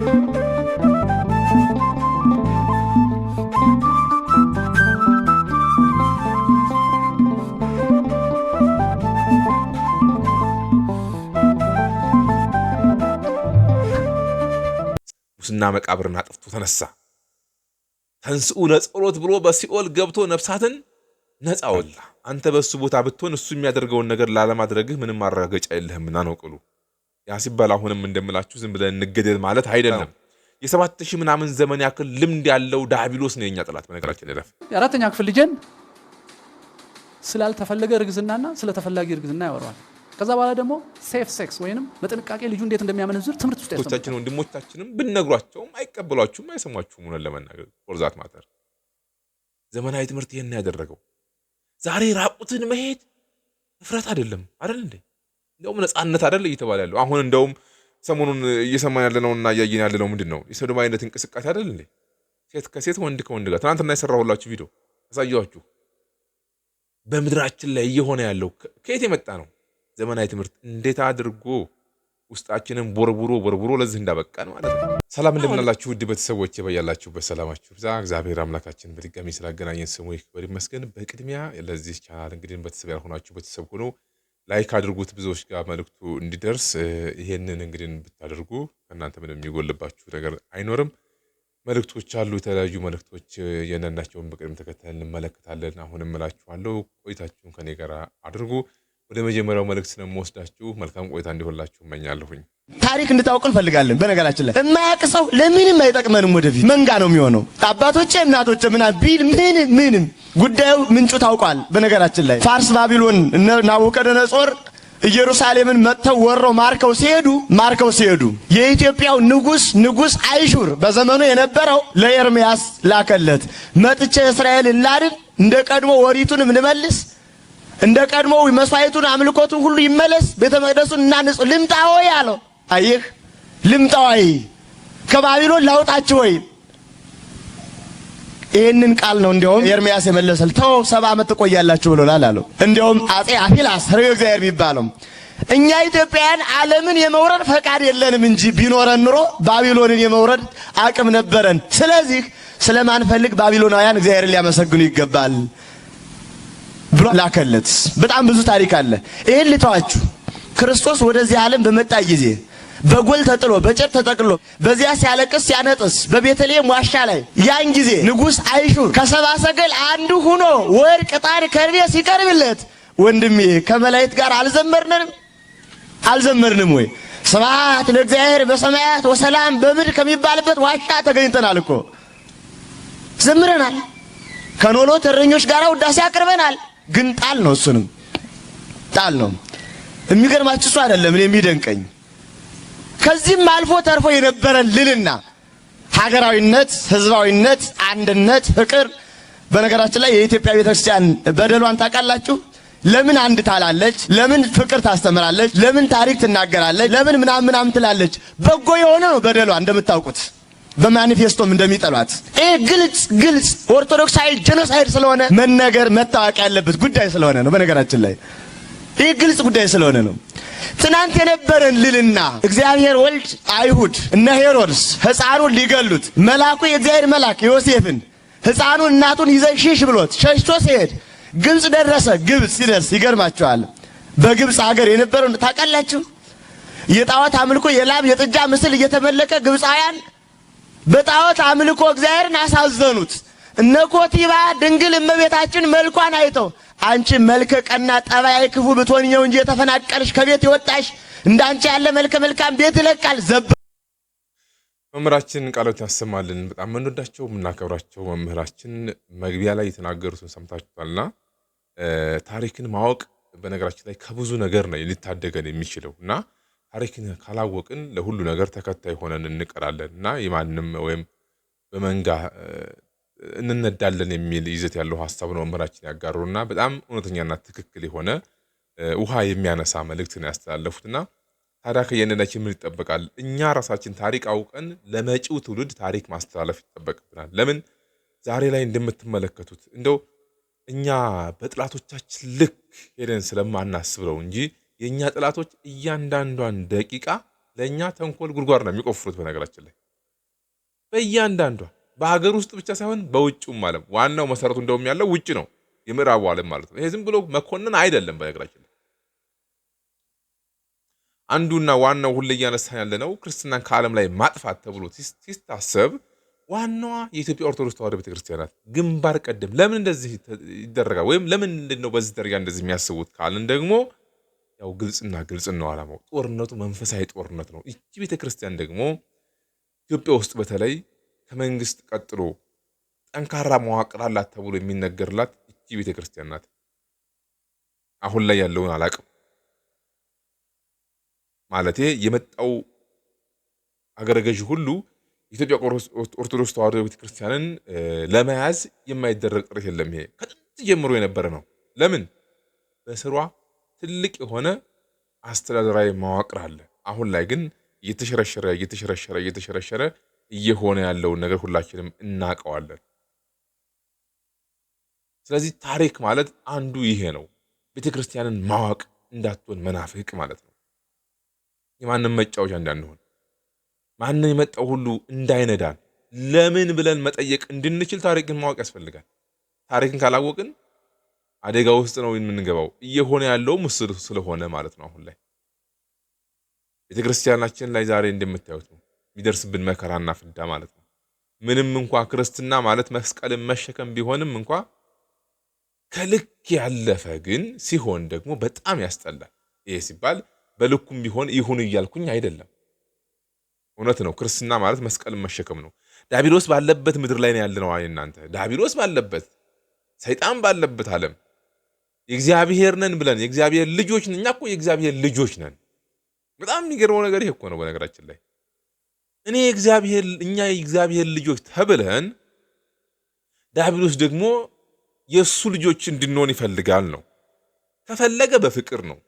ሙስና መቃብርን አጥፍቶ ተነሳ። ተንስኡ ለጸሎት ብሎ በሲኦል ገብቶ ነፍሳትን ነፃ ወላ። አንተ በእሱ ቦታ ብትሆን እሱ የሚያደርገውን ነገር ላለማድረግህ ምንም ማረጋገጫ የለህምና ነው ቅሉ ያ ሲባል አሁንም እንደምላችሁ ዝም ብለን እንገደል ማለት አይደለም። የሰባት ሺህ ምናምን ዘመን ያክል ልምድ ያለው ዳቢሎስ ነው የኛ ጠላት። በነገራችን ደፍ የአራተኛ ክፍል ልጄን ስላልተፈለገ እርግዝናና ስለ ተፈላጊ እርግዝና ያወረዋል ከዛ በኋላ ደግሞ ሴፍ ሴክስ ወይንም በጥንቃቄ ልጁ እንዴት እንደሚያመነዝር ትምህርት ውስጥ ያሰቻችን ወንድሞቻችንም ብነግሯቸውም አይቀበሏችሁም፣ አይሰሟችሁም። ሆነን ለመናገር ፎርዛት ማተር ዘመናዊ ትምህርት ይህን ያደረገው ዛሬ ራቁትን መሄድ እፍረት አይደለም አይደል እንዴ? እንደውም ነጻነት አደለ እየተባለ ያለው አሁን እንደውም ሰሞኑን እየሰማን ያለነው እና እያየን ያለነው ምንድን ነው? የሰዶማዊነት እንቅስቃሴ አይደል እንዴ? ሴት ከሴት ወንድ ከወንድ ጋር ትናንትና የሰራሁላችሁ ቪዲዮ አሳየኋችሁ። በምድራችን ላይ እየሆነ ያለው ከየት የመጣ ነው? ዘመናዊ ትምህርት እንዴት አድርጎ ውስጣችንን ቦርቡሮ ቦርቡሮ ለዚህ እንዳበቃ ነው ማለት ነው። ሰላም እንደምናላችሁ ውድ ቤተሰቦች በያላችሁበት ሰላማችሁ ብዛ። እግዚአብሔር አምላካችን በድጋሚ ስላገናኘን ስሙ ይክበር ይመስገን። በቅድሚያ ለዚህ ቻናል እንግዲህ ቤተሰብ ያልሆናችሁ ቤተሰብ ሆኖ ላይክ አድርጉት ብዙዎች ጋር መልእክቱ እንዲደርስ። ይሄንን እንግዲህ ብታደርጉ ከእናንተ ምንም የሚጎልባችሁ ነገር አይኖርም። መልእክቶች አሉ፣ የተለያዩ መልእክቶች የነናቸውን በቅደም ተከተል እንመለከታለን። አሁንም እላችኋለሁ ቆይታችሁን ከኔ ጋር አድርጉ። ወደ መጀመሪያው መልእክት ስለምወስዳችሁ መልካም ቆይታ እንዲሆንላችሁ እመኛለሁኝ። ታሪክ እንድታውቅ እንፈልጋለን። በነገራችን ላይ የማያውቅ ሰው ለምንም አይጠቅመንም። ወደፊት መንጋ ነው የሚሆነው። አባቶቼ እናቶቼ ምናምን ቢል ምንም ምንም ጉዳዩ ምንጩ ታውቋል። በነገራችን ላይ ፋርስ፣ ባቢሎን ናቡከደነጾር ኢየሩሳሌምን መጥተው ወረው ማርከው ሲሄዱ ማርከው ሲሄዱ የኢትዮጵያው ንጉስ ንጉስ አይሹር በዘመኑ የነበረው ለኤርምያስ ላከለት መጥቼ እስራኤል ላድን፣ እንደ ቀድሞ ወሪቱንም ልመልስ፣ እንደ ቀድሞ መስዋዕቱን አምልኮቱን ሁሉ ይመለስ፣ ቤተ መቅደሱን እናንጹ፣ ልምጣ ሆይ አለው። አይህ ልምጣ ሆይ ከባቢሎን ላውጣችሁ ወይ ይህንን ቃል ነው እንዲያውም ኤርሚያስ የመለሰል ተው ሰባ ዓመት ትቆያላችሁ ብሎናል አለው። እንዲያውም አጼ አፊላስ ርእዮ እግዚአብሔር የሚባለው እኛ ኢትዮጵያውያን ዓለምን የመውረድ ፈቃድ የለንም እንጂ ቢኖረን ኑሮ ባቢሎንን የመውረድ አቅም ነበረን። ስለዚህ ስለማንፈልግ ባቢሎናውያን እግዚአብሔርን ሊያመሰግኑ ይገባል ብሎ ላከለት። በጣም ብዙ ታሪክ አለ። ይህን ልተዋችሁ። ክርስቶስ ወደዚህ ዓለም በመጣ ጊዜ በጎል ተጥሎ በጨር ተጠቅሎ በዚያ ሲያለቅስ ሲያነጥስ በቤተልሔም ዋሻ ላይ ያን ጊዜ ንጉሥ አይሹር ከሰባ ሰገል አንዱ ሁኖ ወርቅ፣ ዕጣን፣ ከርቤ ሲቀርብለት ወንድሜ ከመላእክት ጋር አልዘመርንም አልዘመርንም ወይ? ስብሐት ለእግዚአብሔር በሰማያት ወሰላም በምድር ከሚባልበት ዋሻ ተገኝተናል እኮ ዘምረናል። ከኖሎ ተረኞች ጋር ውዳሴ አቅርበናል። ግን ጣል ነው፣ እሱንም ጣል ነው። የሚገርማችሁ እሱ አይደለም እኔ የሚደንቀኝ ከዚህም አልፎ ተርፎ የነበረን ልልና ሀገራዊነት፣ ህዝባዊነት፣ አንድነት፣ ፍቅር። በነገራችን ላይ የኢትዮጵያ ቤተክርስቲያን በደሏን ታውቃላችሁ። ለምን አንድ ታላለች? ለምን ፍቅር ታስተምራለች? ለምን ታሪክ ትናገራለች? ለምን ምናምን ምናምን ትላለች? በጎ የሆነ ነው በደሏ እንደምታውቁት በማኒፌስቶም እንደሚጠሏት ይህ ግልጽ ግልጽ ኦርቶዶክሳዊ ጄኖሳይድ ስለሆነ መነገር መታወቅ ያለበት ጉዳይ ስለሆነ ነው። በነገራችን ላይ ይህ ግልጽ ጉዳይ ስለሆነ ነው። ትናንት የነበረን ልልና እግዚአብሔር ወልድ አይሁድ እነ ሄሮድስ ሕፃኑን ሊገሉት መልአኩ የእግዚአብሔር መልአክ ዮሴፍን ሕፃኑን እናቱን ይዘሽሽ ብሎት ሸሽቶ ሲሄድ ግብፅ ደረሰ። ግብፅ ሲደርስ ይገርማቸዋል። በግብፅ ሀገር የነበረውን ታውቃላችሁ? የጣዖት አምልኮ የላም የጥጃ ምስል እየተመለከ ግብፃውያን በጣዖት አምልኮ እግዚአብሔርን አሳዘኑት። እነ ኮቲባ ድንግል እመቤታችን መልኳን አይተው አንቺ መልከ ቀና ጠባይ ክፉ ብትሆን ነው እንጂ የተፈናቀልሽ ከቤት የወጣሽ እንዳንቺ ያለ መልከ መልካም ቤት ይለቃል። ዘብ መምህራችን ቃሎት ያሰማልን። በጣም የምንወዳቸው የምናከብራቸው መምህራችን መግቢያ ላይ የተናገሩትን ሰምታችኋልና ታሪክን ማወቅ በነገራችን ላይ ከብዙ ነገር ነው ሊታደገን የሚችለው እና ታሪክን ካላወቅን ለሁሉ ነገር ተከታይ ሆነን እንቀራለን እና የማንም ወይም በመንጋ እንነዳለን የሚል ይዘት ያለው ሀሳብ ነው መምህራችን ያጋሩ እና በጣም እውነተኛና ትክክል የሆነ ውሃ የሚያነሳ መልእክት ነው ያስተላለፉትና ታዲያ ከየአንዳንዳችን ምን ይጠበቃል? እኛ ራሳችን ታሪክ አውቀን ለመጪው ትውልድ ታሪክ ማስተላለፍ ይጠበቅብናል። ለምን ዛሬ ላይ እንደምትመለከቱት እንደው እኛ በጥላቶቻችን ልክ ሄደን ስለማናስብ ነው እንጂ የእኛ ጥላቶች እያንዳንዷን ደቂቃ ለእኛ ተንኮል ጉድጓድ ነው የሚቆፍሩት። በነገራችን ላይ በእያንዳንዷ በሀገር ውስጥ ብቻ ሳይሆን በውጭም ዓለም ዋናው መሰረቱ እንደውም ያለው ውጭ ነው፣ የምዕራቡ ዓለም ማለት ነው። ይሄ ዝም ብሎ መኮንን አይደለም። በነገራችን አንዱና ዋናው ሁሌ እያነሳን ያለ ነው ክርስትናን ከዓለም ላይ ማጥፋት ተብሎ ሲታሰብ ዋናዋ የኢትዮጵያ ኦርቶዶክስ ተዋሕዶ ቤተክርስቲያናት ግንባር ቀደም። ለምን እንደዚህ ይደረጋል? ወይም ለምን እንደው በዚህ ደረጃ እንደዚህ የሚያስቡት ካልን ደግሞ ያው ግልጽና ግልጽ ነው ዓላማው። ጦርነቱ መንፈሳዊ ጦርነት ነው። ይቺ ቤተክርስቲያን ደግሞ ኢትዮጵያ ውስጥ በተለይ ከመንግስት ቀጥሎ ጠንካራ መዋቅር አላት ተብሎ የሚነገርላት እቺ ቤተ ክርስቲያን ናት። አሁን ላይ ያለውን አላቅም ማለቴ የመጣው አገረ ሁሉ የኢትዮጵያ ኦርቶዶክስ ተዋሕዶ ቤተ ክርስቲያንን ለመያዝ የማይደረግ ጥረት የለም። ይሄ ከጥንት ጀምሮ የነበረ ነው። ለምን በስሯ ትልቅ የሆነ አስተዳደራዊ መዋቅር አለ። አሁን ላይ ግን እየተሸረሸረ እየተሸረሸረ እየተሸረሸረ እየሆነ ያለውን ነገር ሁላችንም እናውቀዋለን። ስለዚህ ታሪክ ማለት አንዱ ይሄ ነው። ቤተ ክርስቲያንን ማወቅ እንዳትሆን መናፍቅ ማለት ነው። የማንም መጫወቻ እንዳንሆን፣ ማንም የመጣው ሁሉ እንዳይነዳን፣ ለምን ብለን መጠየቅ እንድንችል ታሪክን ማወቅ ያስፈልጋል። ታሪክን ካላወቅን አደጋ ውስጥ ነው የምንገባው። እየሆነ ያለው ምስል ስለሆነ ማለት ነው። አሁን ላይ ቤተ ክርስቲያናችን ላይ ዛሬ እንደምታዩት ነው። የሚደርስብን መከራና ፍዳ ማለት ነው። ምንም እንኳ ክርስትና ማለት መስቀልን መሸከም ቢሆንም እንኳ ከልክ ያለፈ ግን ሲሆን ደግሞ በጣም ያስጠላል። ይሄ ሲባል በልኩም ቢሆን ይሁን እያልኩኝ አይደለም። እውነት ነው። ክርስትና ማለት መስቀልን መሸከም ነው። ዳቢሎስ ባለበት ምድር ላይ ነው ያለነው። እናንተ ዳቢሎስ ባለበት ሰይጣን ባለበት ዓለም የእግዚአብሔር ነን ብለን የእግዚአብሔር ልጆች ነን። እኛ እኮ የእግዚአብሔር ልጆች ነን። በጣም የሚገርመው ነገር ይሄ እኮ ነው በነገራችን ላይ እኔ እግዚአብሔር እኛ የእግዚአብሔር ልጆች ተብለን ዲያብሎስ ደግሞ የእሱ ልጆች እንድንሆን ይፈልጋል ነው። ከፈለገ በፍቅር ነው።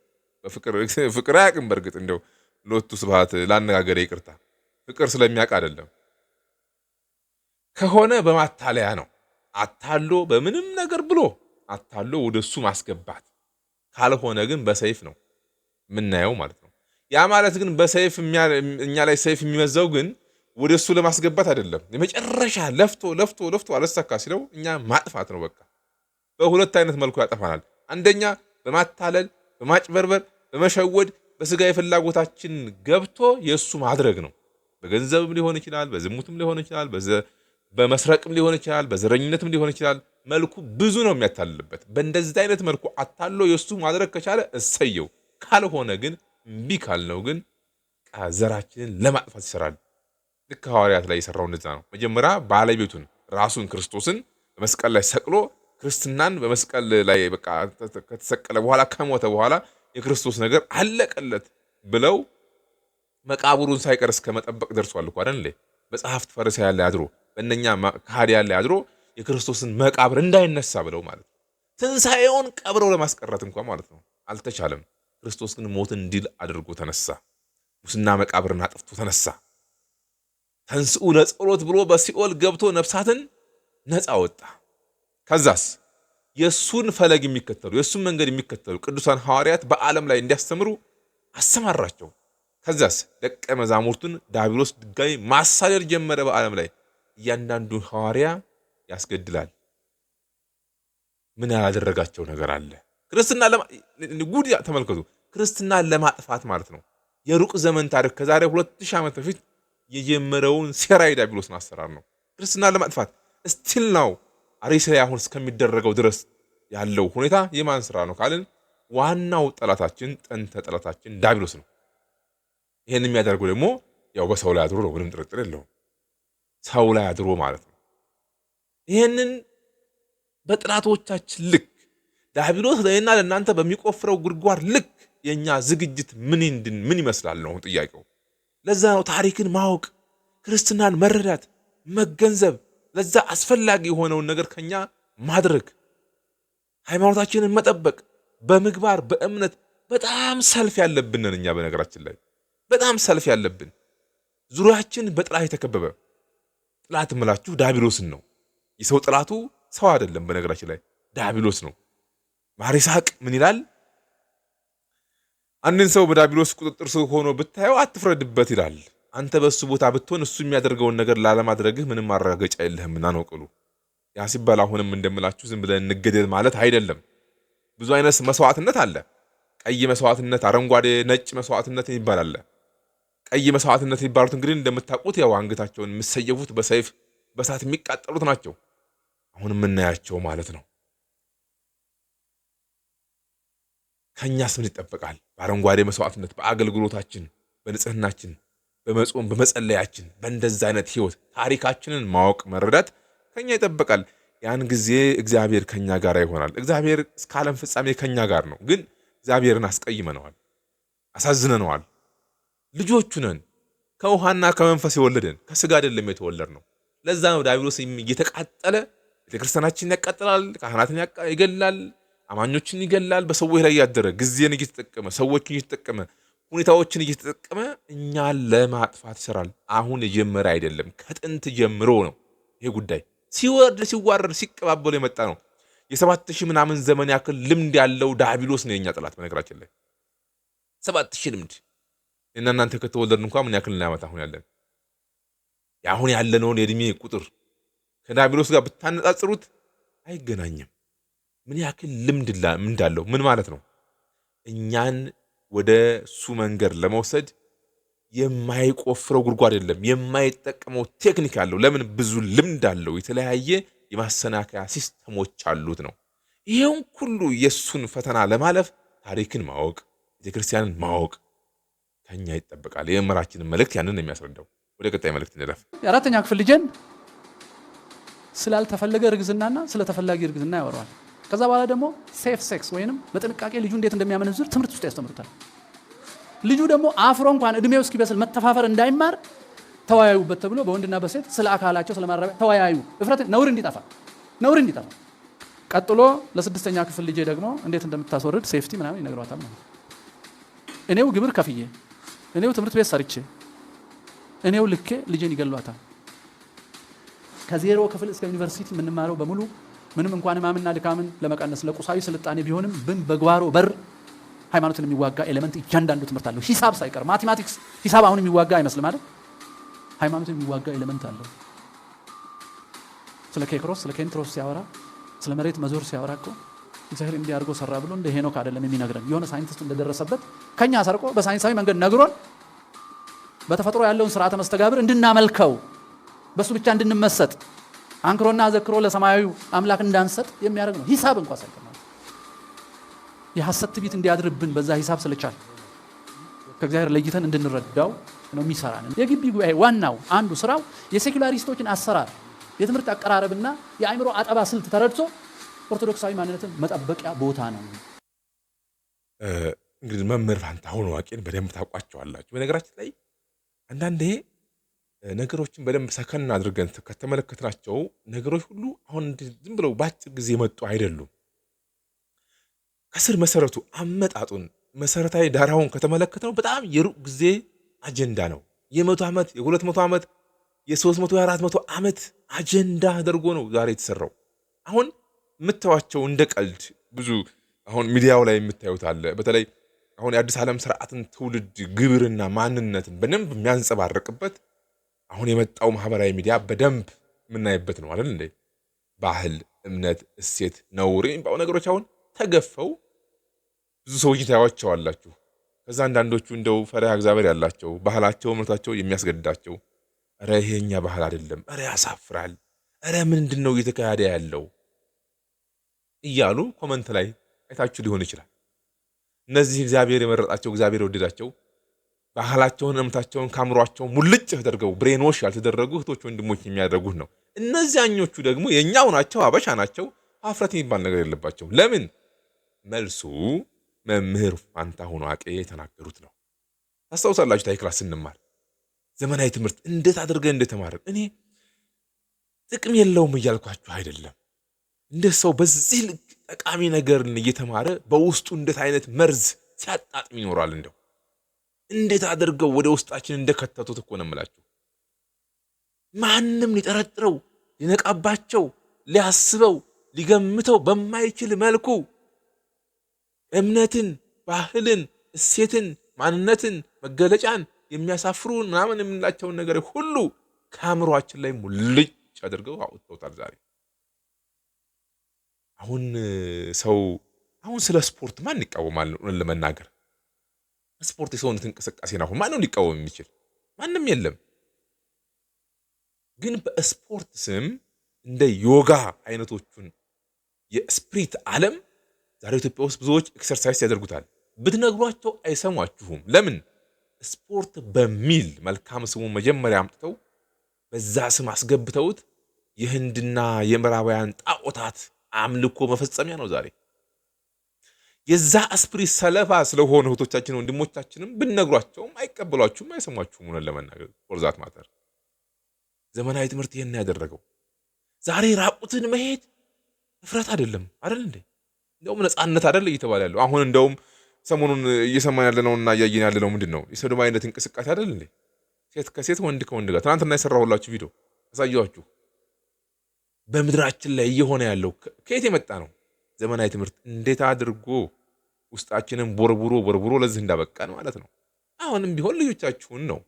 ፍቅር አያውቅም። በእርግጥ እንደው ሎቱ ስብሐት ላነጋገር ይቅርታ፣ ፍቅር ስለሚያውቅ አይደለም። ከሆነ በማታለያ ነው። አታሎ በምንም ነገር ብሎ አታሎ ወደ እሱ ማስገባት፣ ካልሆነ ግን በሰይፍ ነው የምናየው ማለት ነው። ያ ማለት ግን በሰይፍ እኛ ላይ ሰይፍ የሚመዘው ግን ወደ እሱ ለማስገባት አይደለም። የመጨረሻ ለፍቶ ለፍቶ ለፍቶ አለሳካ ሲለው እኛ ማጥፋት ነው። በቃ በሁለት አይነት መልኩ ያጠፋናል። አንደኛ በማታለል በማጭበርበር፣ በመሸወድ በስጋ የፍላጎታችን ገብቶ የእሱ ማድረግ ነው። በገንዘብም ሊሆን ይችላል፣ በዝሙትም ሊሆን ይችላል፣ በመስረቅም ሊሆን ይችላል፣ በዘረኝነትም ሊሆን ይችላል። መልኩ ብዙ ነው የሚያታልልበት። በእንደዚህ አይነት መልኩ አታሎ የእሱ ማድረግ ከቻለ እሰየው፣ ካልሆነ ግን እምቢ ካልነው ግን ዘራችንን ለማጥፋት ይሰራል። ልክ ሐዋርያት ላይ የሰራው እንደዛ ነው። መጀመሪያ ባለቤቱን ራሱን ክርስቶስን በመስቀል ላይ ሰቅሎ ክርስትናን በመስቀል ላይ በቃ ከተሰቀለ በኋላ ከሞተ በኋላ የክርስቶስ ነገር አለቀለት ብለው መቃብሩን ሳይቀር እስከ መጠበቅ ደርሷል እኮ አይደል? መጽሐፍት ፈሪሳውያን ላይ አድሮ በእነኛ ከሃዲያን ላይ አድሮ የክርስቶስን መቃብር እንዳይነሳ ብለው ማለት ትንሣኤውን ቀብረው ለማስቀረት እንኳ ማለት ነው አልተቻለም። ክርስቶስ ግን ሞትን ድል አድርጎ ተነሳ። ሙስና መቃብርን አጥፍቶ ተነሳ። ተንስኡ ለጸሎት ብሎ በሲኦል ገብቶ ነፍሳትን ነፃ ወጣ። ከዛስ የእሱን ፈለግ የሚከተሉ የእሱን መንገድ የሚከተሉ ቅዱሳን ሐዋርያት በዓለም ላይ እንዲያስተምሩ አሰማራቸው። ከዛስ ደቀ መዛሙርቱን ዲያብሎስ ድጋሚ ማሳደር ጀመረ። በዓለም ላይ እያንዳንዱን ሐዋርያ ያስገድላል። ምን ያላደረጋቸው ነገር አለ? ክርስትና ጉድ ተመልከቱ። ክርስትናን ለማጥፋት ማለት ነው። የሩቅ ዘመን ታሪክ ከዛሬ ሁለት ዓመት በፊት የጀመረውን ሴራ የዲያብሎስን አሰራር ነው። ክርስትናን ለማጥፋት ስቲል ነው አሪሴ አሁን እስከሚደረገው ድረስ ያለው ሁኔታ የማን ስራ ነው ካልን ዋናው ጠላታችን ጥንተ ጠላታችን ዲያብሎስ ነው። ይህን የሚያደርገው ደግሞ ያው በሰው ላይ አድሮ ነው። ምንም ጥርጥር የለውም። ሰው ላይ አድሮ ማለት ነው። ይህንን በጥላቶቻችን ልክ ዲያብሎስ ለእኔና ለእናንተ በሚቆፍረው ጉድጓድ ልክ የእኛ ዝግጅት ምን እንድን ምን ይመስላል ነው ጥያቄው። ለዛ ነው ታሪክን ማወቅ ክርስትናን መረዳት መገንዘብ፣ ለዛ አስፈላጊ የሆነውን ነገር ከኛ ማድረግ፣ ሃይማኖታችንን መጠበቅ፣ በምግባር በእምነት በጣም ሰልፍ ያለብን እኛ። በነገራችን ላይ በጣም ሰልፍ ያለብን ዙሪያችን በጥላት የተከበበ ጥላት ምላችሁ ዳቢሎስን ነው። የሰው ጥላቱ ሰው አይደለም። በነገራችን ላይ ዳቢሎስ ነው። ማሪሳቅ ምን ይላል? አንድን ሰው በዳቢሎስ ቁጥጥር ስር ሆኖ ብታየው አትፍረድበት ይላል። አንተ በእሱ ቦታ ብትሆን እሱ የሚያደርገውን ነገር ላለማድረግህ ምንም ማረጋገጫ የለህምና ነው ቅሉ። ያ ሲባል አሁንም እንደምላችሁ ዝም ብለን እንገደል ማለት አይደለም። ብዙ አይነት መስዋዕትነት አለ። ቀይ መስዋዕትነት፣ አረንጓዴ፣ ነጭ መስዋዕትነት የሚባል አለ። ቀይ መስዋዕትነት የሚባሉት እንግዲህ እንደምታውቁት ያው አንገታቸውን የሚሰየፉት በሰይፍ በሳት የሚቃጠሉት ናቸው። አሁን የምናያቸው ማለት ነው። ከእኛስ ምን ይጠበቃል? በአረንጓዴ መስዋዕትነት፣ በአገልግሎታችን፣ በንጽህናችን፣ በመጾም በመጸለያችን፣ በእንደዛ አይነት ህይወት ታሪካችንን ማወቅ መረዳት ከኛ ይጠበቃል። ያን ጊዜ እግዚአብሔር ከኛ ጋር ይሆናል። እግዚአብሔር እስከ ዓለም ፍጻሜ ከኛ ጋር ነው። ግን እግዚአብሔርን አስቀይመነዋል፣ አሳዝነነዋል። ልጆቹ ነን። ከውሃና ከመንፈስ የወለደን ከስጋ አይደለም የተወለድ ነው። ለዛ ነው ዲያብሎስ እየተቃጠለ ቤተክርስቲያናችንን ያቃጥላል፣ ካህናትን ይገላል አማኞችን ይገላል። በሰዎች ላይ እያደረ ጊዜን እየተጠቀመ ሰዎችን እየተጠቀመ ሁኔታዎችን እየተጠቀመ እኛን ለማጥፋት ይሰራል። አሁን የጀመረ አይደለም፣ ከጥንት ጀምሮ ነው። ይሄ ጉዳይ ሲወርድ ሲዋረድ ሲቀባበሉ የመጣ ነው። የሰባት ሺህ ምናምን ዘመን ያክል ልምድ ያለው ዳቢሎስ ነው የኛ ጠላት። በነገራችን ላይ ሰባት ሺህ ልምድ እና እናንተ ከተወለድን እንኳ ምን ያክል እናያመት አሁን ያለን የአሁን ያለነውን የእድሜ ቁጥር ከዳቢሎስ ጋር ብታነጻጽሩት አይገናኝም። ምን ያክል ልምድ እንዳለው ምን ማለት ነው? እኛን ወደ እሱ መንገድ ለመውሰድ የማይቆፍረው ጉድጓድ የለም፣ የማይጠቀመው ቴክኒክ አለው። ለምን? ብዙ ልምድ አለው። የተለያየ የማሰናከያ ሲስተሞች አሉት ነው። ይሄውን ሁሉ የእሱን ፈተና ለማለፍ ታሪክን ማወቅ፣ ቤተክርስቲያንን ማወቅ ከኛ ይጠበቃል። የመምህራችንን መልእክት ያንን የሚያስረዳው ወደ ቀጣይ መልእክት እንለፍ። የአራተኛ ክፍል ልጄን ስላልተፈለገ እርግዝናና ስለተፈላጊ እርግዝና ያወራዋል። ከዛ በኋላ ደግሞ ሴፍ ሴክስ ወይም በጥንቃቄ ልጁ እንዴት እንደሚያመነዝር ትምህርት ውስጥ ያስተምሩታል። ልጁ ደግሞ አፍሮ እንኳን እድሜው እስኪበስል መተፋፈር እንዳይማር ተወያዩበት ተብሎ በወንድና በሴት ስለ አካላቸው ስለማራቢያ ተወያዩ። እፍረት ነውር እንዲጠፋ ነውር እንዲጠፋ። ቀጥሎ ለስድስተኛ ክፍል ልጄ ደግሞ እንዴት እንደምታስወርድ ሴፍቲ ምናምን ይነግሯታል። እኔው ግብር ከፍዬ እኔው ትምህርት ቤት ሰርቼ እኔው ልኬ ልጄን ይገሏታል። ከዜሮ ክፍል እስከ ዩኒቨርሲቲ የምንማረው በሙሉ ምንም እንኳን ማምና ድካምን ለመቀነስ ለቁሳዊ ስልጣኔ ቢሆንም ብን በጓሮ በር ሃይማኖትን የሚዋጋ ኤሌመንት እያንዳንዱ ትምህርት አለው። ሂሳብ ሳይቀር ማቴማቲክስ፣ ሂሳብ አሁን የሚዋጋ አይመስልም አይደል? ሃይማኖትን የሚዋጋ ኤሌመንት አለው። ስለ ኬክሮስ ስለ ኬንትሮስ ሲያወራ ስለ መሬት መዞር ሲያወራ እኮ እግዚአብሔር እንዲህ አድርጎ ሰራ ብሎ እንደ ሄኖክ አይደለም የሚነግረን። የሆነ ሳይንቲስት እንደደረሰበት ከኛ ሰርቆ በሳይንሳዊ መንገድ ነግሮን በተፈጥሮ ያለውን ስርዓተ መስተጋብር እንድናመልከው በእሱ ብቻ እንድንመሰጥ አንክሮና ዘክሮ ለሰማያዊ አምላክ እንዳንሰጥ የሚያደርግ ነው። ሂሳብ እንኳ ሳይቀር የሐሰት ትቢት እንዲያድርብን በዛ ሂሳብ ስለቻል ከእግዚአብሔር ለይተን እንድንረዳው ነው የሚሰራን። የግቢ ጉባኤ ዋናው አንዱ ስራው የሴኩላሪስቶችን አሰራር የትምህርት አቀራረብና የአእምሮ አጠባ ስልት ተረድቶ ኦርቶዶክሳዊ ማንነትን መጠበቂያ ቦታ ነው። እንግዲህ መምህር ፋንታሁን ዋቄን በደንብ ታውቋቸዋላችሁ። በነገራችን ላይ አንዳንዴ ነገሮችን በደንብ ሰከን አድርገን ከተመለከትናቸው ነገሮች ሁሉ አሁን ዝም ብለው በአጭር ጊዜ መጡ አይደሉም። ከስር መሰረቱ አመጣጡን መሰረታዊ ዳራውን ከተመለከትነው በጣም የሩቅ ጊዜ አጀንዳ ነው። የመቶ ዓመት የሁለት መቶ ዓመት የሶስት መቶ የአራት መቶ ዓመት አጀንዳ አድርጎ ነው ዛሬ የተሰራው። አሁን የምታዩቸው እንደ ቀልድ ብዙ አሁን ሚዲያው ላይ የምታዩት አለ። በተለይ አሁን የአዲስ ዓለም ስርዓትን ትውልድ ግብርና ማንነትን በደንብ የሚያንጸባርቅበት አሁን የመጣው ማህበራዊ ሚዲያ በደንብ የምናይበት ነው አይደል እንዴ? ባህል፣ እምነት፣ እሴት፣ ነውር የሚባሉ ነገሮች አሁን ተገፈው ብዙ ሰዎች ታያቸዋላችሁ። ከዛ አንዳንዶቹ እንደው ፈሪሃ እግዚአብሔር ያላቸው ባህላቸው፣ እምነታቸው የሚያስገድዳቸው ረ ይሄ ባህል አይደለም፣ ረ ያሳፍራል፣ ረ ምንድን ነው እየተካሄደ ያለው እያሉ ኮመንት ላይ አይታችሁ ሊሆን ይችላል። እነዚህ እግዚአብሔር የመረጣቸው እግዚአብሔር የወደዳቸው ባህላቸውን እምነታቸውን ከአእምሯቸው ሙልጭ ተደርገው ብሬኖሽ ያልተደረጉ እህቶች ወንድሞች የሚያደርጉት ነው። እነዚያኞቹ ደግሞ የእኛው ናቸው፣ አበሻ ናቸው። አፍረት የሚባል ነገር የለባቸው። ለምን መልሱ መምህር ፋንታሁን ዋቄ የተናገሩት ነው። ታስታውሳላችሁ፣ ታይ ክላስ ስንማር ዘመናዊ ትምህርት እንዴት አድርገን እንደተማርን። እኔ ጥቅም የለውም እያልኳችሁ አይደለም። እንደ ሰው በዚህ ልክ ጠቃሚ ነገርን እየተማረ በውስጡ እንዴት አይነት መርዝ ሲያጣጥም ይኖራል እንደው እንዴት አድርገው ወደ ውስጣችን እንደከተቱት እኮ ነው የምላችሁ። ማንም ሊጠረጥረው ሊነቃባቸው ሊያስበው ሊገምተው በማይችል መልኩ እምነትን፣ ባህልን፣ እሴትን፣ ማንነትን፣ መገለጫን የሚያሳፍሩ ምናምን የምንላቸውን ነገር ሁሉ ከአእምሯችን ላይ ሙልጭ አድርገው አውጥተውታል። ዛሬ አሁን ሰው አሁን ስለ ስፖርት ማን ይቃወማል? ለመናገር ስፖርት የሰውነት እንቅስቃሴ ነው። አሁን ማንም ሊቃወም የሚችል ማንም የለም። ግን በስፖርት ስም እንደ ዮጋ አይነቶቹን የስፕሪት ዓለም ዛሬ ኢትዮጵያ ውስጥ ብዙዎች ኤክሰርሳይዝ ያደርጉታል። ብትነግሯቸው አይሰሟችሁም። ለምን? ስፖርት በሚል መልካም ስሙ መጀመሪያ አምጥተው በዛ ስም አስገብተውት የህንድና የምዕራባውያን ጣዖታት አምልኮ መፈጸሚያ ነው ዛሬ። የዛ አስፕሪት ሰለባ ስለሆነ እህቶቻችን ወንድሞቻችንም ብነግሯቸውም አይቀበሏችሁም፣ አይሰሟችሁም። ሆነን ለመናገር ፖርዛት ማተር ዘመናዊ ትምህርት ይህን ያደረገው ዛሬ ራቁትን መሄድ እፍረት አይደለም አይደል እንዴ? እንደውም ነፃነት አይደል እየተባለ ያለው አሁን እንደውም ሰሞኑን እየሰማን ያለነው እና እያየን ያለነው ምንድን ነው? የሰዶማዊነት እንቅስቃሴ አይደል እንዴ? ሴት ከሴት ወንድ ከወንድ ጋር ትናንትና የሰራሁላችሁ ቪዲዮ አሳየኋችሁ። በምድራችን ላይ እየሆነ ያለው ከየት የመጣ ነው? ዘመናዊ ትምህርት እንዴት አድርጎ ውስጣችንን ቦርቡሮ ቦርቡሮ ለዚህ እንዳበቃን ማለት ነው። አሁንም ቢሆን ልጆቻችሁን ነው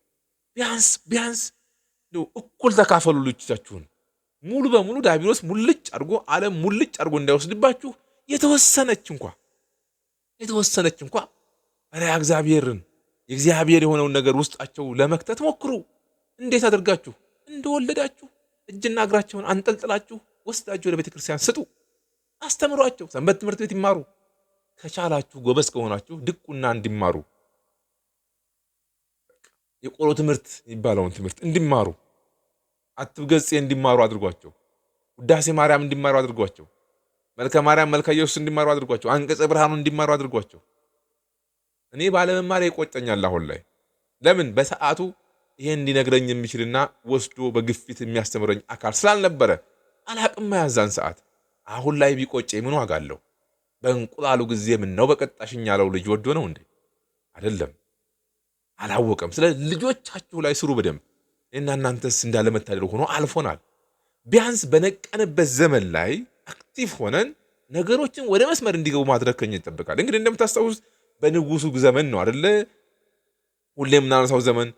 ቢያንስ ቢያንስ እኩል ተካፈሉ። ልጆቻችሁን ሙሉ በሙሉ ዲያብሎስ ሙልጭ አድርጎ ዓለም ሙልጭ አድርጎ እንዳይወስድባችሁ የተወሰነች እንኳ የተወሰነች እንኳ ሪያ እግዚአብሔርን የእግዚአብሔር የሆነውን ነገር ውስጣቸው ለመክተት ሞክሩ። እንዴት አድርጋችሁ እንደወለዳችሁ እጅና እግራቸውን አንጠልጥላችሁ ወስዳችሁ ወደ ክርስቲያን ስጡ፣ አስተምሯቸው። ሰንበት ትምህርት ቤት ይማሩ። ከቻላችሁ ጎበዝ ከሆናችሁ ድቁና እንዲማሩ የቆሎ ትምህርት የሚባለውን ትምህርት እንዲማሩ አትብ ገጽ እንዲማሩ አድርጓቸው። ውዳሴ ማርያም እንዲማሩ አድርጓቸው። መልከ ማርያም፣ መልከ ኢየሱስ እንዲማሩ አድርጓቸው። አንቀጸ ብርሃኑ እንዲማሩ አድርጓቸው። እኔ ባለመማር ይቆጨኛል አሁን ላይ። ለምን በሰዓቱ ይሄን እንዲነግረኝ የሚችልና ወስዶ በግፊት የሚያስተምረኝ አካል ስላልነበረ አላቅም ያዛን ሰዓት። አሁን ላይ ቢቆጨኝ ምን ዋጋ አለው? በእንቁላሉ ጊዜ ምን ነው በቀጣሽኝ ያለው ልጅ ወዶ ነው እንዴ? አይደለም፣ አላወቀም። ስለ ልጆቻችሁ ላይ ስሩ በደንብ እና እናንተስ እንዳለመታደል ሆኖ አልፎናል። ቢያንስ በነቀንበት ዘመን ላይ አክቲቭ ሆነን ነገሮችን ወደ መስመር እንዲገቡ ማድረግ ከኛ ይጠበቃል። እንግዲህ እንደምታስታውስ በንጉሱ ዘመን ነው አደለ? ሁሌ የምናነሳው ዘመን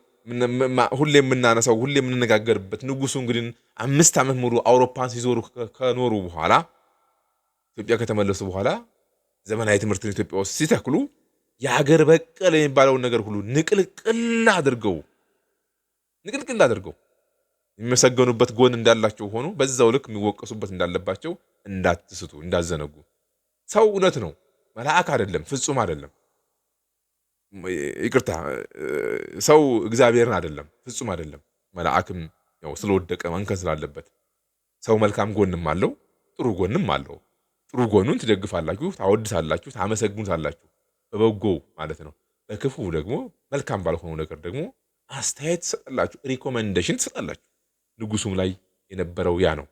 ሁሌ የምናነሳው ሁሌ የምንነጋገርበት ንጉሱ እንግዲህ አምስት ዓመት ሙሉ አውሮፓን ሲዞሩ ከኖሩ በኋላ ኢትዮጵያ ከተመለሱ በኋላ ዘመናዊ ትምህርትን ኢትዮጵያ ውስጥ ሲተክሉ የሀገር በቀል የሚባለውን ነገር ሁሉ ንቅልቅል አድርገው ንቅልቅል አድርገው የሚመሰገኑበት ጎን እንዳላቸው ሆኖ በዛው ልክ የሚወቀሱበት እንዳለባቸው እንዳትስቱ፣ እንዳዘነጉ። ሰው እውነት ነው፣ መልአክ አይደለም፣ ፍጹም አይደለም። ይቅርታ፣ ሰው እግዚአብሔርን አይደለም፣ ፍጹም አይደለም። መልአክም ያው ስለወደቀ መንከን ስላለበት ሰው መልካም ጎንም አለው፣ ጥሩ ጎንም አለው። ጥሩ ጎኑን ትደግፋላችሁ፣ ታወድሳላችሁ፣ ታመሰግኑታላችሁ በበጎ ማለት ነው። በክፉ ደግሞ መልካም ባልሆነው ነገር ደግሞ አስተያየት ትሰጣላችሁ፣ ሪኮመንዴሽን ትሰጣላችሁ። ንጉሱም ላይ የነበረው ያ ነው።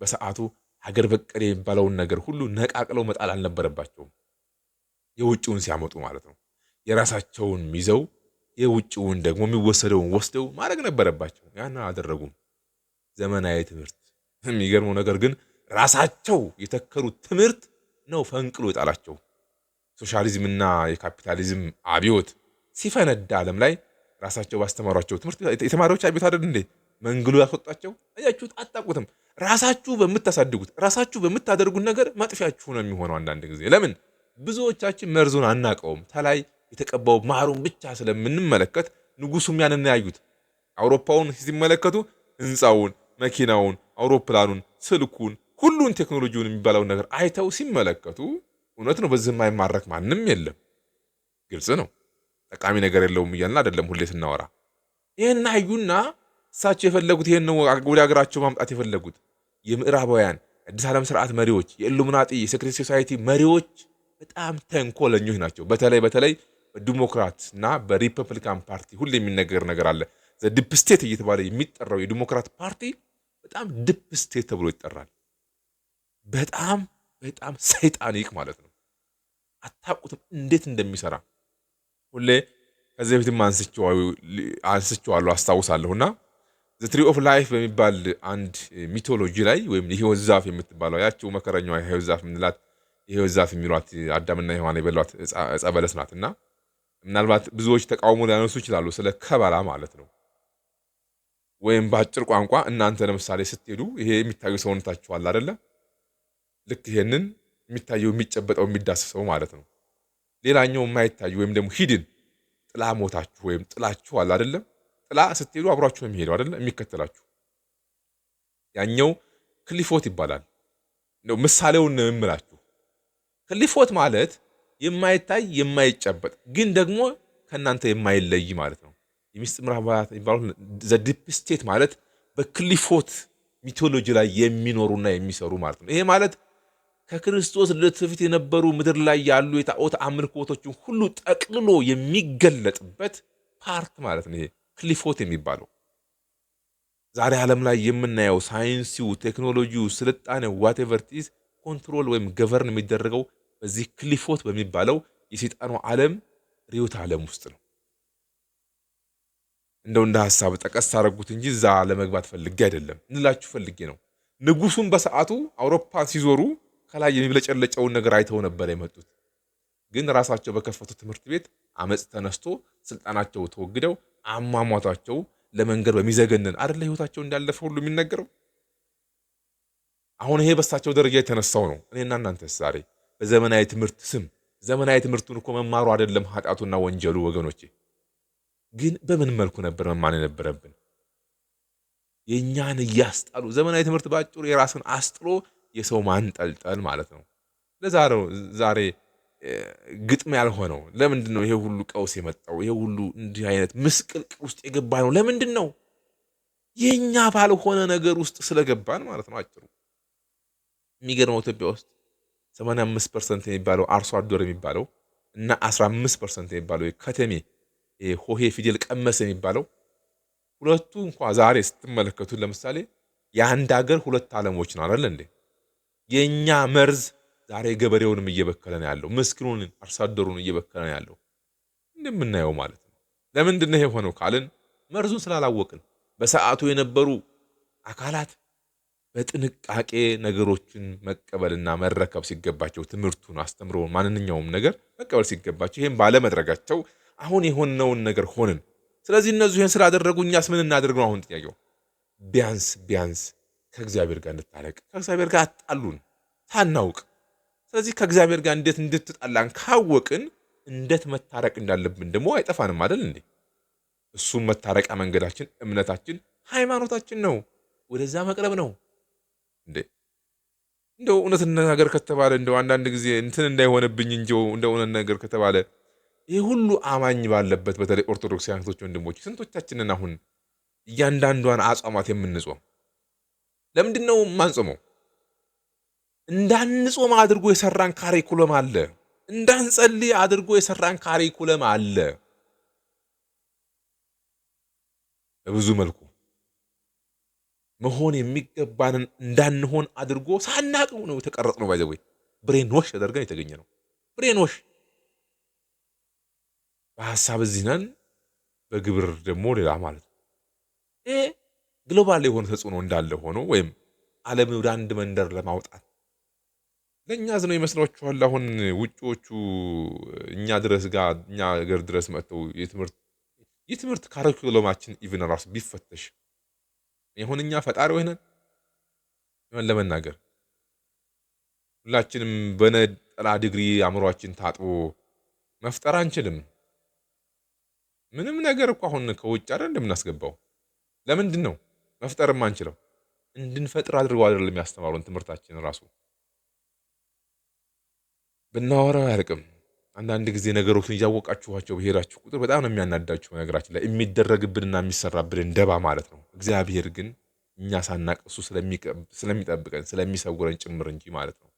በሰዓቱ ሀገር በቀል የሚባለውን ነገር ሁሉ ነቃቅለው መጣል አልነበረባቸውም። የውጭውን ሲያመጡ ማለት ነው። የራሳቸውን ይዘው የውጭውን ደግሞ የሚወሰደውን ወስደው ማድረግ ነበረባቸው። ያን አላደረጉም። ዘመናዊ ትምህርት የሚገርመው ነገር ግን ራሳቸው የተከሉት ትምህርት ነው ፈንቅሎ የጣላቸው። ሶሻሊዝምና የካፒታሊዝም አብዮት ሲፈነዳ ዓለም ላይ ራሳቸው ባስተማሯቸው ትምህርት የተማሪዎች አብዮት አይደል እንዴ መንግሎ ያስወጣቸው? አያችሁት? አጣቁትም። ራሳችሁ በምታሳድጉት ራሳችሁ በምታደርጉት ነገር ማጥፊያችሁ ነው የሚሆነው። አንዳንድ ጊዜ ለምን ብዙዎቻችን መርዞን አናቀውም። ተላይ የተቀባው ማሩን ብቻ ስለምንመለከት ንጉሱም ያንን ያዩት አውሮፓውን ሲመለከቱ ህንፃውን፣ መኪናውን፣ አውሮፕላኑን፣ ስልኩን ሁሉን ቴክኖሎጂውን የሚባለውን ነገር አይተው ሲመለከቱ እውነት ነው፣ በዚህ የማይማረክ ማንም የለም። ግልጽ ነው። ጠቃሚ ነገር የለውም እያልን አይደለም ሁሌ ስናወራ። ይህን አዩና እሳቸው የፈለጉት ይህን ነው ወደ ሀገራቸው ማምጣት የፈለጉት የምዕራባውያን አዲስ ዓለም ስርዓት መሪዎች፣ የኢሉሚናጢ የሴክሬት ሶሳይቲ መሪዎች በጣም ተንኮለኞች ናቸው። በተለይ በተለይ በዲሞክራት እና በሪፐብሊካን ፓርቲ ሁሌ የሚነገር ነገር አለ። ዘ ዲፕ ስቴት እየተባለ የሚጠራው የዲሞክራት ፓርቲ በጣም ዲፕ ስቴት ተብሎ ይጠራል። በጣም በጣም ሰይጣኒክ ማለት ነው። አታውቁትም እንዴት እንደሚሰራ ሁሌ ከዚህ በፊትም አንስቼዋለሁ አስታውሳለሁ። እና ትሪ ኦፍ ላይፍ በሚባል አንድ ሚቶሎጂ ላይ ወይም የህይወት ዛፍ የምትባለው ያቸው መከረኛዋ የህይወት ዛፍ የምንላት የህይወት ዛፍ የሚሏት አዳምና ሔዋን የበሏት ዕፀ በለስ ናት። እና ምናልባት ብዙዎች ተቃውሞ ሊያነሱ ይችላሉ ስለ ከበላ ማለት ነው። ወይም በአጭር ቋንቋ እናንተ ለምሳሌ ስትሄዱ ይሄ የሚታዩ ሰውነታችኋል አደለም? ልክ ይሄንን የሚታየው የሚጨበጠው የሚዳስሰው ማለት ነው። ሌላኛው የማይታዩ ወይም ደግሞ ሂድን ጥላ ሞታችሁ ወይም ጥላችሁ አለ አይደለም። ጥላ ስትሄዱ አብሯችሁ ነው የሚሄደው አይደለም፣ የሚከተላችሁ ያኛው ክሊፎት ይባላል። እንደው ምሳሌውን ነው የምላችሁ። ክሊፎት ማለት የማይታይ የማይጨበጥ ግን ደግሞ ከእናንተ የማይለይ ማለት ነው። የሚስጥ ምዕራባት የሚባሉት ዘ ዲፕ ስቴት ማለት በክሊፎት ሚቶሎጂ ላይ የሚኖሩና የሚሰሩ ማለት ነው። ይሄ ማለት ከክርስቶስ ልደት በፊት የነበሩ ምድር ላይ ያሉ የጣዖት አምልኮቶችን ሁሉ ጠቅልሎ የሚገለጥበት ፓርት ማለት ነው። ይሄ ክሊፎት የሚባለው ዛሬ ዓለም ላይ የምናየው ሳይንሲው፣ ቴክኖሎጂው፣ ስልጣኔው ዋቴቨርቲዝ ኮንትሮል ወይም ገቨርን የሚደረገው በዚህ ክሊፎት በሚባለው የሰይጣኑ ዓለም ርዕዮተ ዓለም ውስጥ ነው። እንደው እንደ ሀሳብ ጠቀስ አደረጉት እንጂ እዛ ለመግባት ፈልጌ አይደለም እንላችሁ ፈልጌ ነው። ንጉሱም በሰዓቱ አውሮፓን ሲዞሩ ከላይ የሚብለጨለጨውን ነገር አይተው ነበር የመጡት። ግን ራሳቸው በከፈቱ ትምህርት ቤት አመፅ ተነስቶ ስልጣናቸው ተወግደው አሟሟታቸው ለመንገድ በሚዘገንን አይደለ ህይወታቸው እንዳለፈ ሁሉ የሚነገረው አሁን ይሄ በሳቸው ደረጃ የተነሳው ነው። እኔና እናንተስ ዛሬ በዘመናዊ ትምህርት ስም ዘመናዊ ትምህርቱን እኮ መማሩ አይደለም ኃጢአቱና ወንጀሉ ወገኖቼ። ግን በምን መልኩ ነበር መማን የነበረብን? የእኛን እያስጣሉ ዘመናዊ ትምህርት በአጭሩ የራስን አስጥሎ የሰው ማንጠልጠል ማለት ነው። ለዛሬው ዛሬ ግጥም ያልሆነው ለምንድን ነው? ይሄ ሁሉ ቀውስ የመጣው ይሄ ሁሉ እንዲህ አይነት ምስቅልቅ ውስጥ የገባ ነው ለምንድን ነው? የእኛ ባልሆነ ነገር ውስጥ ስለገባን ማለት ነው። አጭሩ የሚገርመው ኢትዮጵያ ውስጥ 85 ፐርሰንት የሚባለው አርሶ አደር የሚባለው እና 15 ፐርሰንት የሚባለው ከተሜ ሆሄ ፊደል ቀመስ የሚባለው ሁለቱ እንኳ ዛሬ ስትመለከቱ ለምሳሌ የአንድ ሀገር ሁለት ዓለሞች ነው አለ እንዴ የእኛ መርዝ ዛሬ ገበሬውንም እየበከለ ነው ያለው። ምስኪኑን አርሶ አደሩን እየበከለ ነው ያለው እንደምናየው ማለት ነው። ለምንድን ነው የሆነው ካልን መርዙን ስላላወቅን በሰዓቱ የነበሩ አካላት በጥንቃቄ ነገሮችን መቀበልና መረከብ ሲገባቸው ትምህርቱን፣ አስተምሮውን፣ ማንኛውም ነገር መቀበል ሲገባቸው ይህም ባለመድረጋቸው አሁን የሆነውን ነገር ሆንን። ስለዚህ እነዚህን ስላደረጉ እኛስ ምን እናደርግ ነው አሁን ጥያቄው ቢያንስ ቢያንስ ከእግዚአብሔር ጋር እንድታረቅ ከእግዚአብሔር ጋር አጣሉን ታናውቅ። ስለዚህ ከእግዚአብሔር ጋር እንዴት እንድትጣላን ካወቅን እንዴት መታረቅ እንዳለብን ደግሞ አይጠፋንም አይደል እንዴ? እሱም መታረቂያ መንገዳችን እምነታችን፣ ሃይማኖታችን ነው። ወደዛ መቅረብ ነው እንዴ። እንደው እውነት ነገር ከተባለ እንደው አንዳንድ ጊዜ እንትን እንዳይሆንብኝ እንጂ እንደ እውነት ነገር ከተባለ ይህ ሁሉ አማኝ ባለበት በተለይ ኦርቶዶክስ ያንቶች ወንድሞች፣ ስንቶቻችንን አሁን እያንዳንዷን አጽዋማት የምንጾም ለምንድን ነው የማንጾመው? እንዳንጾም አድርጎ የሰራን ካሪኩለም አለ። እንዳንጸልይ አድርጎ የሰራን ካሪኩለም አለ። በብዙ መልኩ መሆን የሚገባንን እንዳንሆን አድርጎ ሳናቅም ነው የተቀረጽነው። ባይዘዌ ብሬን ወሽ ተደርገን የተገኘ ነው። ብሬን ወሽ በሀሳብ እዚህ ነን፣ በግብር ደግሞ ሌላ ማለት ነው። ግሎባል የሆነ ተጽዕኖ እንዳለ ሆኖ ወይም ዓለምን ወደ አንድ መንደር ለማውጣት ለእኛ ዝነው ይመስላችኋል? አሁን ውጭዎቹ እኛ ድረስ ጋር እኛ ሀገር ድረስ መጥተው የትምህርት የትምህርት ካሪኩለማችን ኢቭን ራሱ ቢፈተሽ ይሁን እኛ ፈጣሪ ሆነን ይሆን ለመናገር ሁላችንም በነጠላ ዲግሪ አእምሯችን ታጥቦ መፍጠር አንችልም። ምንም ነገር እኮ አሁን ከውጭ አይደል እንደምናስገባው ለምንድን ነው? መፍጠር አንችልም። እንድንፈጥር አድርገው አይደለም ያስተማሩን። ትምህርታችን ራሱ ብናወራው አያልቅም። አንዳንድ ጊዜ ነገሮችን እያወቃችኋቸው ብሄዳችሁ ቁጥር በጣም ነው የሚያናዳችሁ። ነገራችን ላይ የሚደረግብንና የሚሰራብን ደባ ማለት ነው። እግዚአብሔር ግን እኛ ሳናቅ እሱ ስለሚጠብቀን ስለሚሰውረን ጭምር እንጂ ማለት ነው።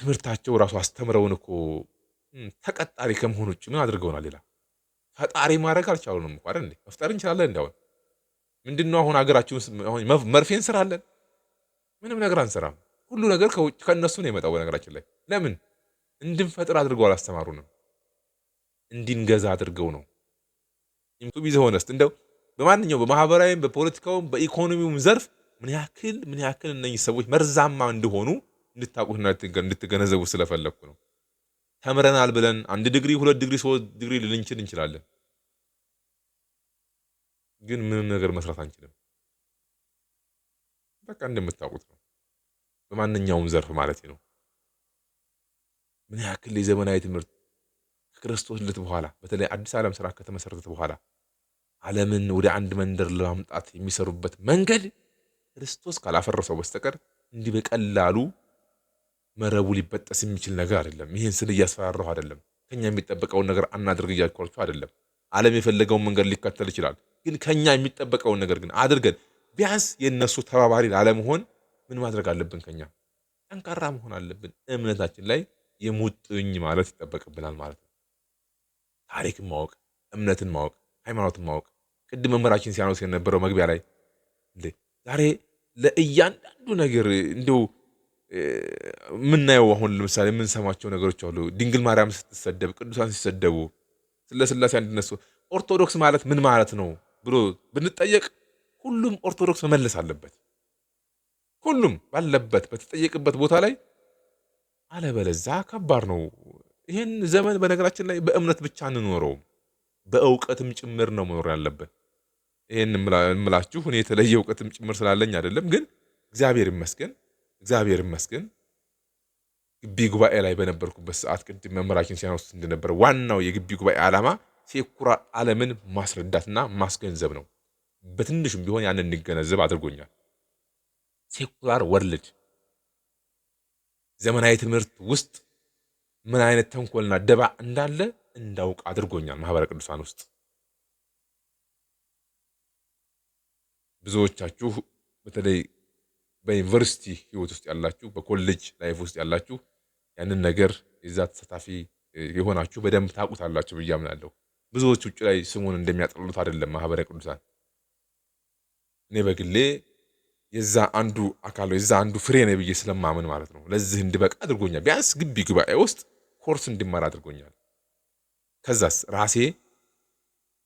ትምህርታቸው ራሱ አስተምረውን እኮ ተቀጣሪ ከመሆን ውጭ ምን አድርገውናል? ሌላ ፈጣሪ ማድረግ አልቻሉንም። እንኳ መፍጠር እንችላለን እንዲያውን ምንድን ነው አሁን ሀገራችን ውስጥ መርፌ እንስራለን? ምንም ነገር አንሰራም። ሁሉ ነገር ከውጭ ከእነሱ ነው የመጣው። በነገራችን ላይ ለምን እንድንፈጥር አድርገው አላስተማሩንም፣ እንዲንገዛ አድርገው ነው። ቱ ቢዘ እንደው በማንኛውም በማህበራዊም በፖለቲካውም በኢኮኖሚውም ዘርፍ ምን ያክል ምን ያክል እነኝህ ሰዎች መርዛማ እንደሆኑ እንድታውቁትና እንድትገነዘቡ ስለፈለግኩ ነው። ተምረናል ብለን አንድ ዲግሪ ሁለት ዲግሪ ሶስት ዲግሪ ልንችል እንችላለን። ግን ምንም ነገር መስራት አንችልም። በቃ እንደምታውቁት ነው። በማንኛውም ዘርፍ ማለት ነው። ምን ያክል የዘመናዊ ትምህርት ከክርስቶስ ልደት በኋላ በተለይ አዲስ ዓለም ስራ ከተመሰረተት በኋላ ዓለምን ወደ አንድ መንደር ለማምጣት የሚሰሩበት መንገድ ክርስቶስ ካላፈረሰው በስተቀር እንዲህ በቀላሉ መረቡ ሊበጠስ የሚችል ነገር አይደለም። ይህን ስል እያስፈራረሁ አይደለም። ከኛ የሚጠበቀውን ነገር አናድርግ እያልኳችሁ አይደለም። ዓለም የፈለገውን መንገድ ሊከተል ይችላል። ግን ከኛ የሚጠበቀውን ነገር ግን አድርገን ቢያንስ የእነሱ ተባባሪ ላለመሆን ምን ማድረግ አለብን? ከኛ ጠንካራ መሆን አለብን። እምነታችን ላይ የሙጥኝ ማለት ይጠበቅብናል ማለት ነው። ታሪክን ማወቅ፣ እምነትን ማወቅ፣ ሃይማኖትን ማወቅ ቅድም መምህራችን ሲያኖስ የነበረው መግቢያ ላይ እንዴ ዛሬ ለእያንዳንዱ ነገር እንዲው ምናየው አሁን ለምሳሌ የምንሰማቸው ነገሮች አሉ። ድንግል ማርያም ስትሰደብ፣ ቅዱሳን ሲሰደቡ ስለስላሴ አንድነቱ ኦርቶዶክስ ማለት ምን ማለት ነው ብሎ ብንጠየቅ ሁሉም ኦርቶዶክስ መመለስ አለበት። ሁሉም ባለበት በተጠየቅበት ቦታ ላይ አለበለዛ ከባድ ነው። ይህን ዘመን በነገራችን ላይ በእምነት ብቻ አንኖረውም፣ በእውቀትም ጭምር ነው መኖር ያለብን። ይህን እምላችሁ እኔ የተለየ እውቀትም ጭምር ስላለኝ አይደለም፣ ግን እግዚአብሔር ይመስገን፣ እግዚአብሔር ይመስገን ግቢ ጉባኤ ላይ በነበርኩበት ሰዓት ቅድም መምህራችን ሲያነሱት እንደነበረ ዋናው የግቢ ጉባኤ ዓላማ ሴኩራ ዓለምን ማስረዳትና ማስገንዘብ ነው። በትንሹም ቢሆን ያንን እንገነዘብ አድርጎኛል። ሴኩላር ወርልድ ዘመናዊ ትምህርት ውስጥ ምን አይነት ተንኮልና ደባ እንዳለ እንዳውቅ አድርጎኛል። ማህበረ ቅዱሳን ውስጥ ብዙዎቻችሁ በተለይ በዩኒቨርሲቲ ህይወት ውስጥ ያላችሁ፣ በኮሌጅ ላይፍ ውስጥ ያላችሁ ያንን ነገር የዛ ተሳታፊ የሆናችሁ በደንብ ታውቁታላችሁ ብዬ አምናለሁ። ብዙዎች ውጭ ላይ ስሙን እንደሚያጠሉት አይደለም ማህበረ ቅዱሳን። እኔ በግሌ የዛ አንዱ አካል የዛ አንዱ ፍሬ ነኝ ብዬ ስለማምን ማለት ነው ለዚህ እንድበቃ አድርጎኛል። ቢያንስ ግቢ ጉባኤ ውስጥ ኮርስ እንድማር አድርጎኛል። ከዛስ ራሴ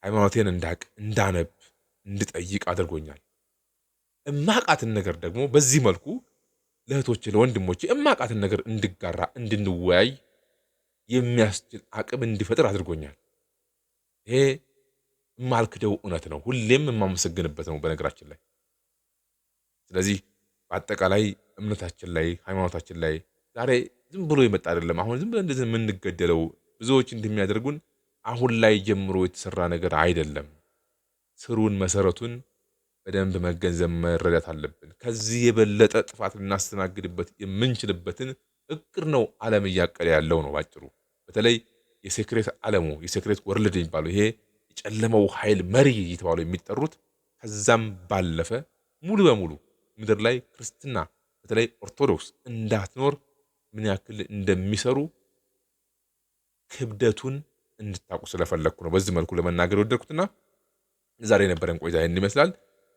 ሃይማኖቴን እንዳቅ፣ እንዳነብ፣ እንድጠይቅ አድርጎኛል። እማቃትን ነገር ደግሞ በዚህ መልኩ ለእህቶቼ ለወንድሞች እማቃትን ነገር እንድጋራ እንድንወያይ የሚያስችል አቅም እንዲፈጥር አድርጎኛል። ይሄ የማልክደው እውነት ነው። ሁሌም የማመሰግንበት ነው በነገራችን ላይ። ስለዚህ በአጠቃላይ እምነታችን ላይ ሃይማኖታችን ላይ ዛሬ ዝም ብሎ የመጣ አይደለም። አሁን ዝም ብለን እንደዚህ የምንገደለው ብዙዎች እንደሚያደርጉን አሁን ላይ ጀምሮ የተሰራ ነገር አይደለም። ስሩን መሰረቱን በደንብ መገንዘብ መረዳት አለብን። ከዚህ የበለጠ ጥፋት ልናስተናግድበት የምንችልበትን እቅድ ነው ዓለም እያቀደ ያለው ነው ባጭሩ። በተለይ የሴክሬት ዓለሙ የሴክሬት ወርልድ የሚባለው ይሄ የጨለመው ኃይል መሪ እየተባሉ የሚጠሩት ከዛም ባለፈ ሙሉ በሙሉ ምድር ላይ ክርስትና በተለይ ኦርቶዶክስ እንዳትኖር ምን ያክል እንደሚሰሩ ክብደቱን እንድታውቁ ስለፈለግኩ ነው በዚህ መልኩ ለመናገር የወደድኩትና ዛሬ የነበረን ቆይታ ይህን ይመስላል።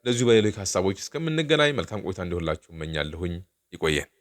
ለዚሁ በሌሎች ሀሳቦች እስከምንገናኝ መልካም ቆይታ እንዲሆንላችሁ እመኛለሁኝ። ይቆየን።